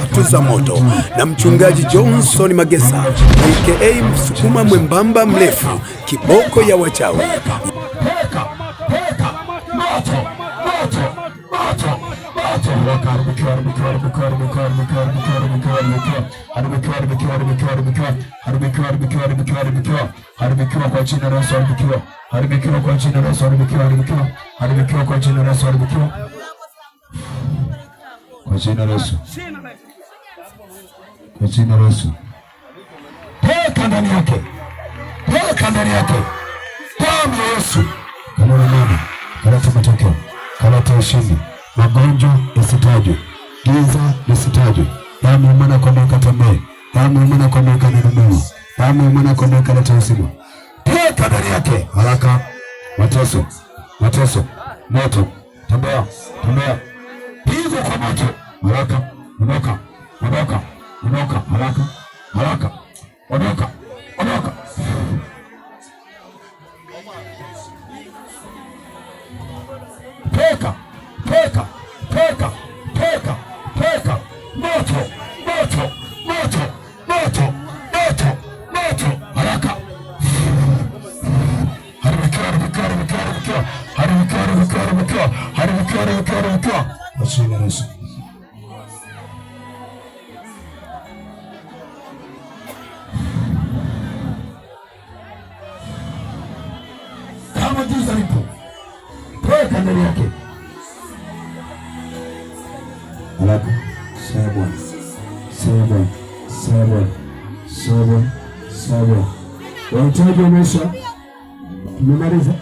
tatu za moto na mchungaji Johnson Magesa aka Msukuma mwembamba mrefu kiboko ya wachawi. Kwa jina la Yesu. Kwa jina la Yesu. Toka ndani yake. Toka ndani yake. Damu ya Yesu. Kaleta mama, kaleta matokeo, kaleta ushindi. Magonjwa yasitajwe, giza lisitajwe. Damu ya mwana kondoo katembee. Damu ya mwana kondoo kanunue. Damu ya mwana kondoo kaleta uzima. Toka ndani yake. Haraka. Mateso. Mateso. Moto. Tembea. Tembea. Pigo kwa moto. haraka ondoka ondoka ondoka haraka haraka ondoka ondoka toka toka toka toka toka moto moto moto moto moto moto haraka haribikiwa haribikiwa haribikiwa haribikiwa haribikiwa haribikiwa haribikiwa haribikiwa haribikiwa majuzi alipo weka ndani yake alafu sema sema sema sema sema wahitaji wameisha, tumemaliza.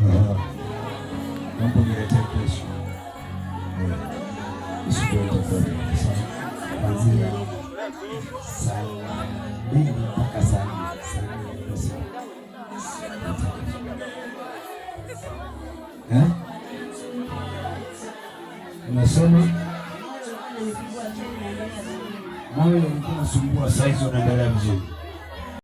Ah, mambo niletee saa mbili mpaka saa nne unasoma moyo ulikuwa unasumbua, saizi unaendelea vizuri.